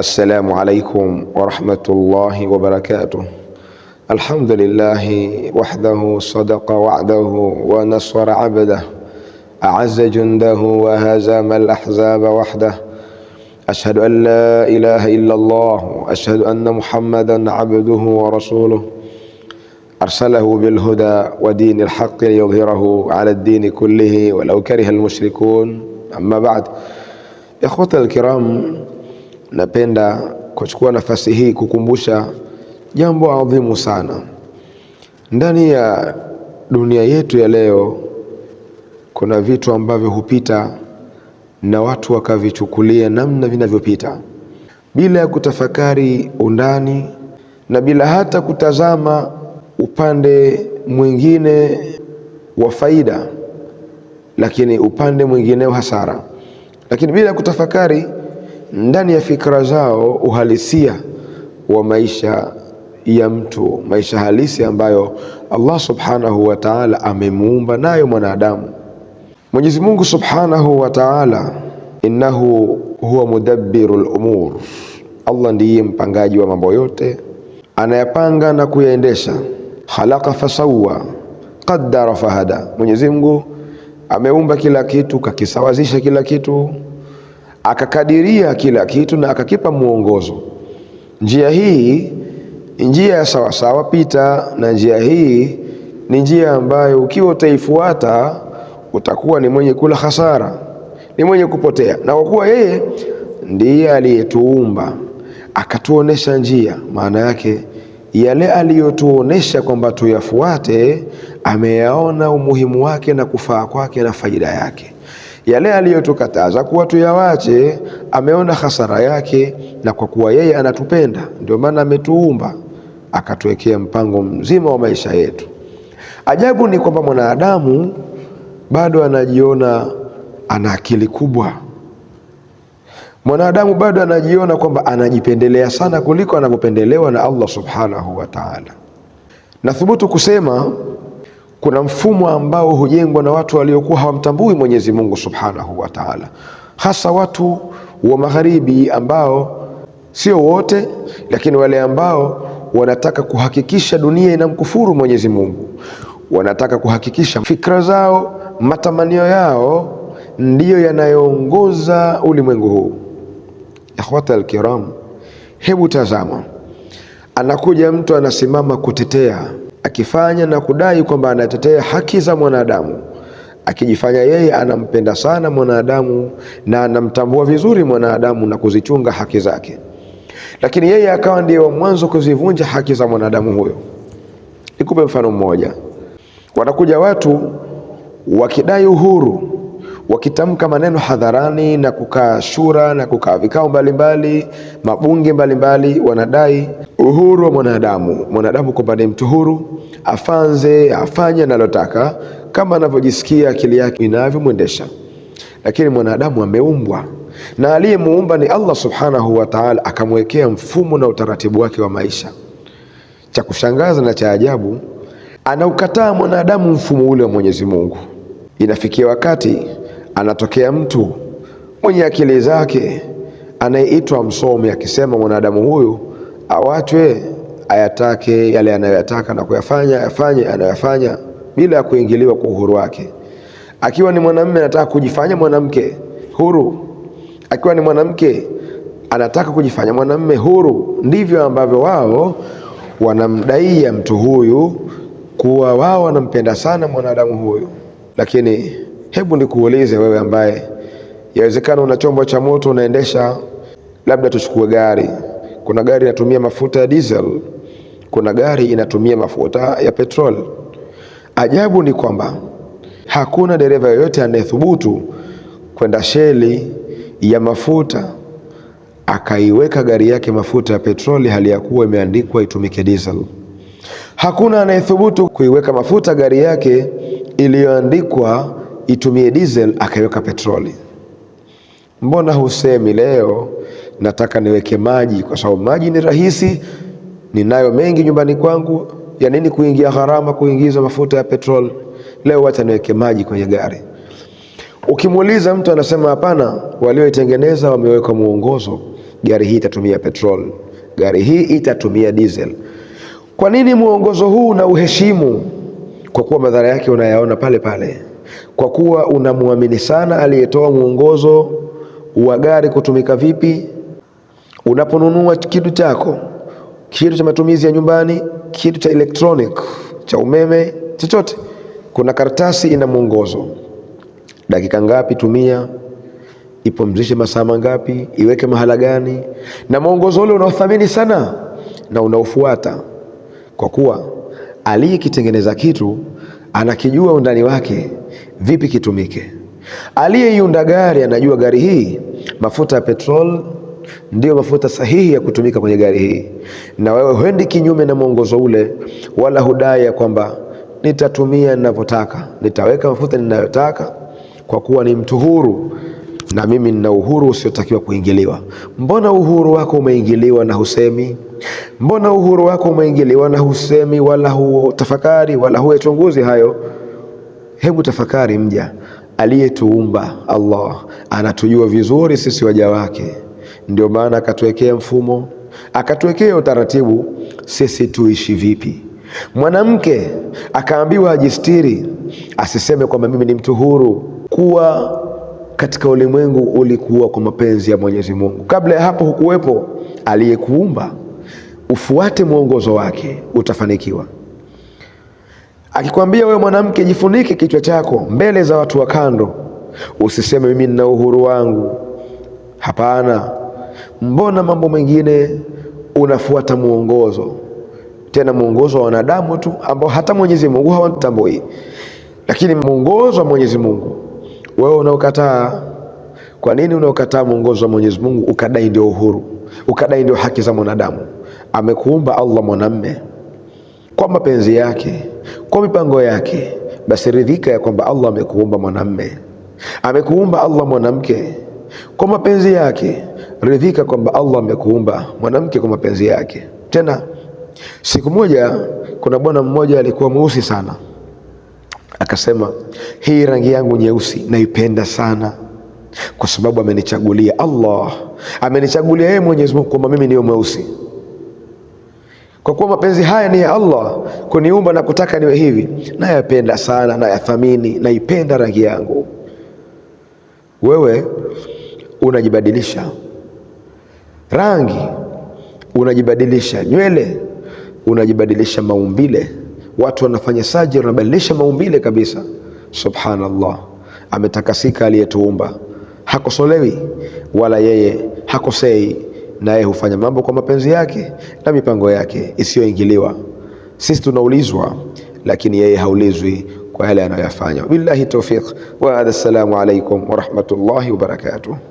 السلام عليكم ورحمة الله وبركاته الحمد لله وحده صدق وعده ونصر عبده أعز جنده وهزم الأحزاب وحده أشهد أن لا إله إلا الله أشهد أن محمدا عبده ورسوله أرسله بالهدى ودين الحق ليظهره على الدين كله ولو كره المشركون أما بعد إخوة الكرام napenda kuchukua nafasi hii kukumbusha jambo adhimu sana. Ndani ya dunia yetu ya leo kuna vitu ambavyo hupita na watu wakavichukulia namna vinavyopita bila ya kutafakari undani na bila hata kutazama upande mwingine wa faida, lakini upande mwingine wa hasara, lakini bila ya kutafakari ndani ya fikra zao uhalisia wa maisha ya mtu, maisha halisi ambayo Allah subhanahu wa ta'ala amemuumba nayo mwanadamu. Mwenyezi Mungu subhanahu wa ta'ala, innahu huwa mudabbirul umur, Allah ndiye mpangaji wa mambo yote, anayapanga na kuyaendesha. Khalaqa fasawwa qaddara fahada, Mwenyezi Mungu ameumba kila kitu, kakisawazisha kila kitu akakadiria kila kitu na akakipa mwongozo. Njia hii njia ya sawa sawasawa, pita na njia hii ni njia ambayo ukiwa utaifuata utakuwa ni mwenye kula hasara, ni mwenye kupotea. Na kwa kuwa yeye ndiye aliyetuumba akatuonesha njia, maana yake yale aliyotuonesha kwamba tuyafuate, ameyaona umuhimu wake na kufaa kwake na faida yake yale aliyotukataza kuwa tuyawache, ameona hasara yake, na kwa kuwa yeye anatupenda ndio maana ametuumba akatuwekea mpango mzima wa maisha yetu. Ajabu ni kwamba mwanadamu bado anajiona ana akili kubwa. Mwanadamu bado anajiona kwamba anajipendelea sana kuliko anavyopendelewa na Allah subhanahu wa ta'ala. Nathubutu kusema kuna mfumo ambao hujengwa na watu waliokuwa hawamtambui Mwenyezi Mungu Subhanahu wa Ta'ala, hasa watu wa magharibi ambao sio wote, lakini wale ambao wanataka kuhakikisha dunia inamkufuru Mwenyezi Mungu, wanataka kuhakikisha fikra zao, matamanio yao ndiyo yanayoongoza ulimwengu huu. Ikhwata alkiram, hebu tazama, anakuja mtu anasimama kutetea akifanya na kudai kwamba anatetea haki za mwanadamu, akijifanya yeye anampenda sana mwanadamu na anamtambua vizuri mwanadamu na kuzichunga haki zake, lakini yeye akawa ndiye wa mwanzo kuzivunja haki za mwanadamu huyo. Nikupe mfano mmoja, wanakuja watu wakidai uhuru wakitamka maneno hadharani na kukaa shura na kukaa vikao mbalimbali, mabunge mbalimbali, wanadai uhuru wa mwanadamu, mwanadamu kwamba ni mtu huru, afanze afanye analotaka kama anavyojisikia akili yake inavyomwendesha. Lakini mwanadamu ameumbwa na aliyemuumba ni Allah subhanahu wa ta'ala, akamwekea mfumo na utaratibu wake wa maisha. Cha kushangaza na cha ajabu, anaukataa mwanadamu mfumo ule wa Mwenyezi Mungu. Inafikia wakati anatokea mtu mwenye akili zake anayeitwa msomi akisema mwanadamu huyu awachwe ayatake yale anayoyataka na kuyafanya afanye anayoyafanya bila ya kuingiliwa kwa uhuru wake. Akiwa ni mwanamume anataka kujifanya mwanamke huru, akiwa ni mwanamke anataka kujifanya mwanamume huru. Ndivyo ambavyo wao wanamdaia mtu huyu kuwa wao wanampenda sana mwanadamu huyu, lakini Hebu nikuulize wewe ambaye yawezekana una chombo cha moto unaendesha, labda tuchukue gari. Kuna gari inatumia mafuta ya diesel, kuna gari inatumia mafuta ya petrol. Ajabu ni kwamba hakuna dereva yoyote anayethubutu kwenda sheli ya mafuta akaiweka gari yake mafuta ya petroli hali ya kuwa imeandikwa itumike diesel. Hakuna anayethubutu kuiweka mafuta gari yake iliyoandikwa itumie diesel akaiweka petroli. Mbona husemi leo nataka niweke maji? Kwa sababu maji ni rahisi, ninayo mengi nyumbani kwangu, ya nini kuingia gharama kuingiza mafuta ya petrol Leo wacha niweke maji kwenye gari. Ukimuuliza mtu anasema hapana, walioitengeneza wameweka mwongozo, gari hii itatumia petrol, gari hii itatumia diesel. Kwa nini mwongozo huu na uheshimu? Kwa kuwa madhara yake unayaona pale pale kwa kuwa unamwamini sana aliyetoa mwongozo wa gari kutumika vipi unaponunua kitu chako, kitu cha matumizi ya nyumbani, kitu cha electronic, cha umeme, chochote. Kuna karatasi ina mwongozo, dakika ngapi tumia, ipumzishe masaa mangapi, iweke mahala gani, na mwongozo ule unaothamini sana na unaofuata, kwa kuwa aliyekitengeneza kitu anakijua undani wake vipi kitumike. Aliyeiunda gari anajua gari hii mafuta ya petrol ndiyo mafuta sahihi ya kutumika kwenye gari hii, na wewe huendi kinyume na mwongozo ule, wala hudai ya kwamba nitatumia ninavyotaka, nitaweka mafuta ninayotaka, kwa kuwa ni mtu huru na mimi nina uhuru usiotakiwa kuingiliwa. Mbona uhuru wako umeingiliwa na husemi? Mbona uhuru wako umeingiliwa na husemi, wala hutafakari, wala huyachunguzi hayo? Hebu tafakari mja aliyetuumba Allah anatujua vizuri sisi waja wake, ndio maana akatuwekea mfumo, akatuwekea utaratibu sisi tuishi vipi. Mwanamke akaambiwa ajistiri, asiseme kwamba mimi ni mtu huru. Kuwa katika ulimwengu ulikuwa kwa mapenzi ya Mwenyezi Mungu, kabla ya hapo hukuwepo. Aliyekuumba ufuate mwongozo wake, utafanikiwa akikwambia wewe mwanamke, jifunike kichwa chako mbele za watu wa kando, usiseme mimi nina uhuru wangu. Hapana, mbona mambo mengine unafuata mwongozo, tena mwongozo wa wanadamu tu ambao hata Mwenyezi Mungu hawatambui, lakini mwongozo wa Mwenyezi Mungu wewe unaokataa. Kwa nini unaokataa mwongozo wa Mwenyezi Mungu ukadai ndio uhuru, ukadai ndio haki za mwanadamu? Amekuumba Allah mwanamme kwa mapenzi yake, kwa mipango yake, basi ridhika ya kwamba Allah amekuumba mwanamme, amekuumba Allah mwanamke kwa mapenzi yake. Ridhika kwamba Allah amekuumba mwanamke kwa mapenzi yake. Tena siku moja, kuna bwana mmoja alikuwa mweusi sana, akasema hii rangi yangu nyeusi naipenda sana kwa sababu amenichagulia Allah, amenichagulia yeye Mwenyezi Mungu kwamba mimi niyo mweusi kwa kuwa mapenzi haya ni ya Allah kuniumba na kutaka niwe hivi, nayapenda sana, nayathamini, naipenda rangi yangu. Wewe unajibadilisha rangi, unajibadilisha nywele, unajibadilisha maumbile. Watu wanafanya sajiri, wanabadilisha maumbile kabisa. Subhanallah, ametakasika aliyetuumba, hakosolewi wala yeye hakosei naye hufanya mambo kwa mapenzi yake na mipango yake isiyoingiliwa. Sisi tunaulizwa, lakini yeye haulizwi kwa yale anayoyafanya. Billahi tawfiq wa hadha. Assalamu alaikum warahmatullahi wabarakatuh.